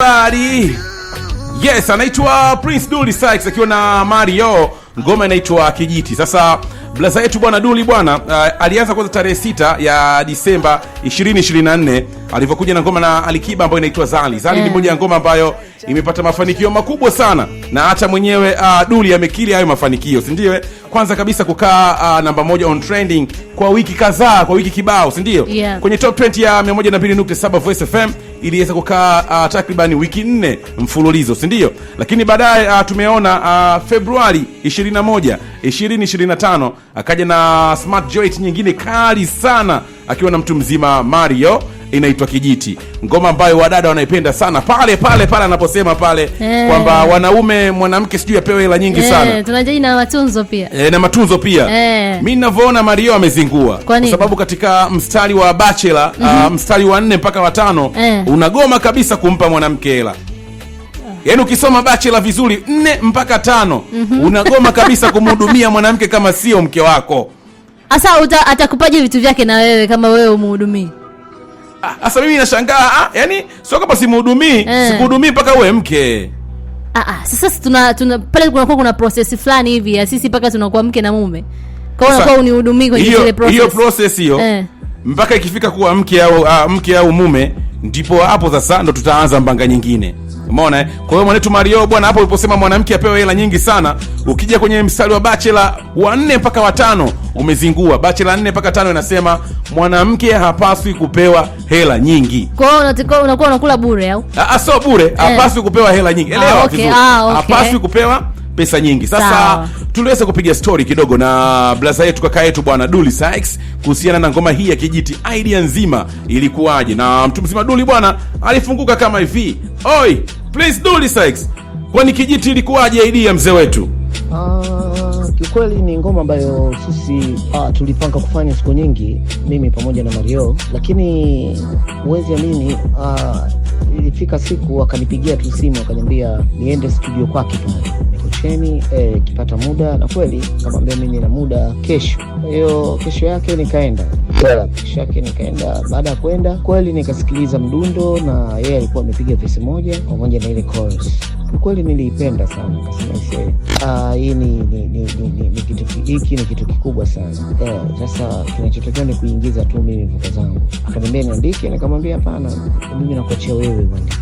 Bari. Yes, anaitwa Prince Dully Sykes akiwa na Mario, ngoma inaitwa Kijiti. Sasa blaza yetu bwana Duli bwana uh, alianza kwanza tarehe sita ya Disemba 2024 alivyokuja na ngoma na Alikiba ambayo inaitwa Zali. Zali mm. ni eh. moja ya ngoma ambayo imepata mafanikio makubwa sana na hata mwenyewe uh, Duli amekiri hayo mafanikio, si ndio? Kwanza kabisa kukaa uh, namba moja on trending kwa wiki kadhaa, kwa wiki kibao, si ndio? Yeah. Kwenye top 20 ya 102.7 Voice FM iliweza kukaa uh, takriban wiki nne mfululizo, si ndio? Lakini baadaye uh, tumeona uh, Februari 21 2025 akaja na smart joint nyingine kali sana akiwa na mtu mzima Mario inaitwa Kijiti, ngoma ambayo wadada wanaipenda sana pale pale pale anaposema pale hey, eh. kwamba wanaume mwanamke sijui apewe hela nyingi hey, eh, sana eh, na matunzo pia e, na matunzo pia hey. Mi ninavyoona Mario amezingua kwa sababu katika mstari wa bachelor mm -hmm. uh, mstari wa nne mpaka watano hey, unagoma kabisa kumpa mwanamke hela yaani ukisoma bachela vizuri nne mpaka tano mm -hmm. unagoma kabisa kumhudumia mwanamke kama sio mke wako hasa atakupaje vitu vyake na wewe kama wewe umuhudumii sasa ah, mimi nashangaa ah, yani sio kwamba simhudumii eh. sikuhudumii mpaka uwe mke ah, ah, sasa tuna, tuna pale kunakuwa kuna prosesi fulani hivi ya sisi mpaka tunakuwa mke na mume unakuwa unihudumii kwenye hiyo, process. hiyo process hiyo eh. mpaka ikifika kuwa mke au ah, mke au mume ndipo hapo sasa ndo tutaanza mbanga nyingine Umeona eh? Kwa hiyo mwanetu Mario bwana, hapo uliposema mwanamke apewe hela nyingi sana, ukija kwenye mstari wa Bachelor wa 4 mpaka wa tano umezingua. Bachelor 4 mpaka tano inasema mwanamke hapaswi kupewa hela nyingi. Kwa hiyo unatakiwa unakuwa unakula bure au? Ah, sio bure, eh. hapaswi kupewa hela nyingi. Ah, Elewa ah, okay, vizuri. Ah, okay. Hapaswi kupewa pesa nyingi. Sasa tuliweza kupiga story kidogo na blaza yetu kaka yetu bwana Duli Sykes kuhusiana na ngoma hii ya kijiti, idea nzima ilikuwaje, na mtu mzima Duli bwana alifunguka kama hivi. Oi, Please Dully Sykes, kwani kijiti ilikuwaje idea ya mzee wetu? Uh, kiukweli ni ngoma ambayo sisi uh, tulipanga kufanya siku nyingi, mimi pamoja na Mario, lakini uwezi amini uh, ilifika siku akanipigia tu simu akaniambia niende studio kwake pale Cheni, eh, kipata muda na kweli kamwambia mimi na muda kesho. Kwa hiyo kesho yake nikaenda. Kisha yake nikaenda, baada ya kwenda kweli nikasikiliza mdundo, na yeye yeah, alikuwa amepiga vesi moja pamoja na ile chorus. Kweli niliipenda sana, kasema ah, hii ni ni, ni, ni, ni, ni kitu hiki ni kitu kikubwa sana. Eh, sasa kinachotokea ni kuingiza tu mimi mvuka zangu. Akaniambia niandike, nikamwambia hapana, mimi nakuachia wewe uandike.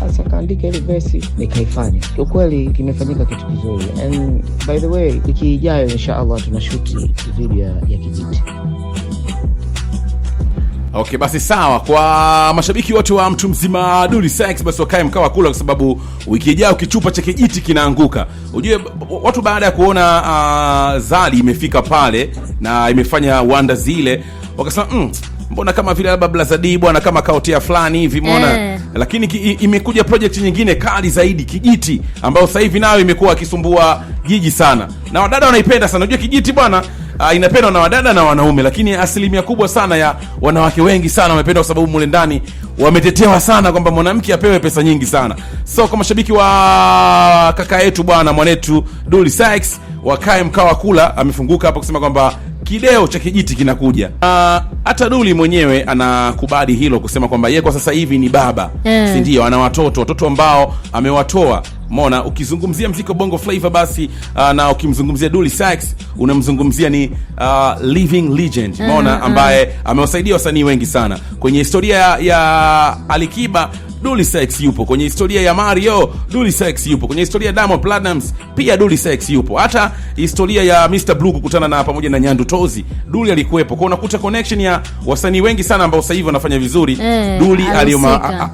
Sasa kaandika ile vesi nikaifanya. Kwa kweli kimefanyika kitu kizuri, and by the way, wiki ijayo insha tunashuti video ya kijiti. Okay, basi sawa. Kwa mashabiki wote wa mtu mzima Duli Sex, basi wakae mkawa kula, kwa sababu wiki ijayo kichupa cha kijiti kinaanguka. Ujue watu baada ya kuona uh, ah, zali imefika pale na imefanya wanda zile, wakasema mm, mbona kama vile labda Blazadi bwana kama kaotia fulani hivi umeona eh. Lakini ki, imekuja project nyingine kali zaidi kijiti, ambayo sasa hivi nayo imekuwa akisumbua jiji sana na wadada wanaipenda sana. Unajua kijiti bwana uh, inapendwa na wadada na wanaume, lakini asilimia kubwa sana ya wanawake wengi sana wamependa kwa sababu mule ndani wametetewa sana kwamba mwanamke apewe pesa nyingi sana. So kwa mashabiki wa kaka yetu bwana mwanetu duli Sykes wakae mkaa wa kula, amefunguka hapa kusema kwamba kideo cha kijiti kinakuja. Hata Duli mwenyewe anakubali hilo kusema kwamba yeye kwa sasa hivi ni baba mm. si ndio? Ana watoto watoto ambao amewatoa Mona, ukizungumzia mziki bongo flava basi uh, na ukimzungumzia duli sax unamzungumzia ni uh, living legend Mona, eh, eh. ambaye amewasaidia wasanii wengi sana kwenye historia ya Alikiba. Sex yupo kwenye historia ya Mario, Sex yupo kwenye historia ya Diamond Platnumz, pia Sex yupo hata historia ya Mr Blue kukutana na pamoja na Nyandu Tozi, Duli alikuwepo Kwa Unakuta connection ya wasanii wengi sana ambao sasa hivi wanafanya vizuri e, eh, Duli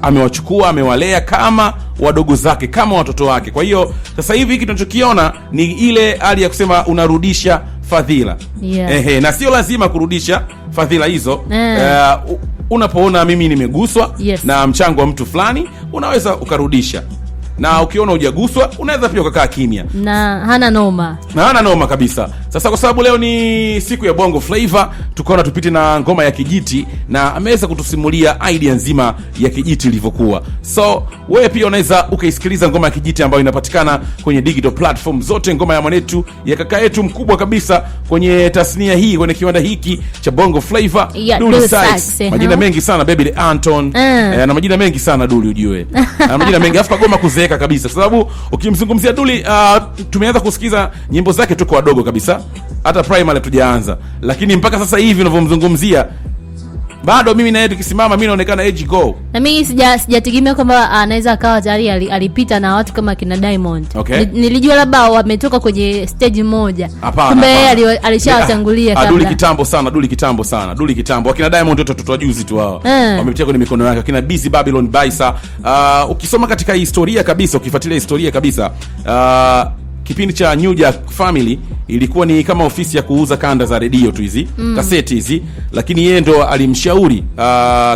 amewachukua amewalea kama wadogo zake kama watoto wake. Kwa hiyo sasa hivi hiki tunachokiona ni ile hali ya kusema unarudisha fadhila yeah. Ehe, na sio lazima kurudisha fadhila hizo mm. uh, unapoona mimi nimeguswa yes. na mchango wa mtu fulani unaweza ukarudisha na ukiona ujaguswa unaweza pia ukakaa kimya na hana noma na hana noma kabisa sasa kwa sababu leo ni siku ya Bongo Flava, tukaona tupite na ngoma ya kijiti, na ameweza kutusimulia idea nzima ya kijiti ilivyokuwa. So wewe pia unaweza ukaisikiliza ngoma ya kijiti ambayo inapatikana kwenye digital platform zote, ngoma ya mwanetu ya kaka yetu mkubwa kabisa kwenye tasnia hii, kwenye kiwanda hiki cha Bongo Flava, Dully Sykes. Majina mengi sana baby de Anton mm. Eh, na majina mengi sana duli ujue na majina mengi afu kagoma kuzeeka kabisa, sababu ukimzungumzia duli uh, ah, tumeanza kusikiza nyimbo zake tuko wadogo kabisa hata primary tujaanza, lakini mpaka sasa hivi unavyomzungumzia bado mimi na yeye tukisimama, mimi naonekana age go, na mimi sija sijategemea kwamba ah, anaweza akawa tayari alipita na watu kama kina Diamond. Okay. Nilijua labda wametoka kwenye stage moja, kumbe yeye alishawatangulia ah, kabla. Aduli kitambo sana, Aduli kitambo sana, Aduli kitambo. Akina Diamond wote watoto wajuzi tu hao eh. wamepitia kwenye mikono yake, akina Busy Babylon Baisa. Uh, ukisoma katika historia kabisa, ukifuatilia historia kabisa uh, kipindi cha New Jack Family ilikuwa ni kama ofisi ya kuuza kanda za redio tu hizi mm. kaseti hizi, lakini yeye ndo alimshauri uh,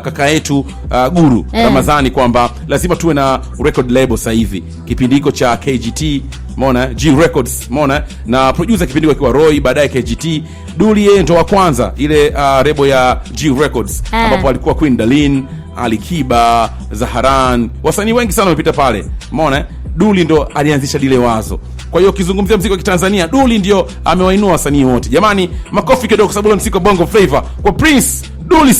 kaka yetu uh, Guru eh. Ramadhani kwamba lazima tuwe na record label sasa hivi. Kipindi hicho cha KGT Mona G Records Mona na producer kipindi akiwa Roy, baadaye KGT Duli, yeye ndo wa kwanza ile uh, ah, rebo ya G Records eh. ambapo alikuwa Queen Darlene, Alikiba, Zaharan, wasanii wengi sana wamepita pale. Mona Duli ndo alianzisha lile wazo kwa hiyo ukizungumzia mziki wa Kitanzania, Duli ndio amewainua wasanii wote. Jamani, makofi kidogo, kwa sababu ule wa Bongo flavor kwa Prince Duli.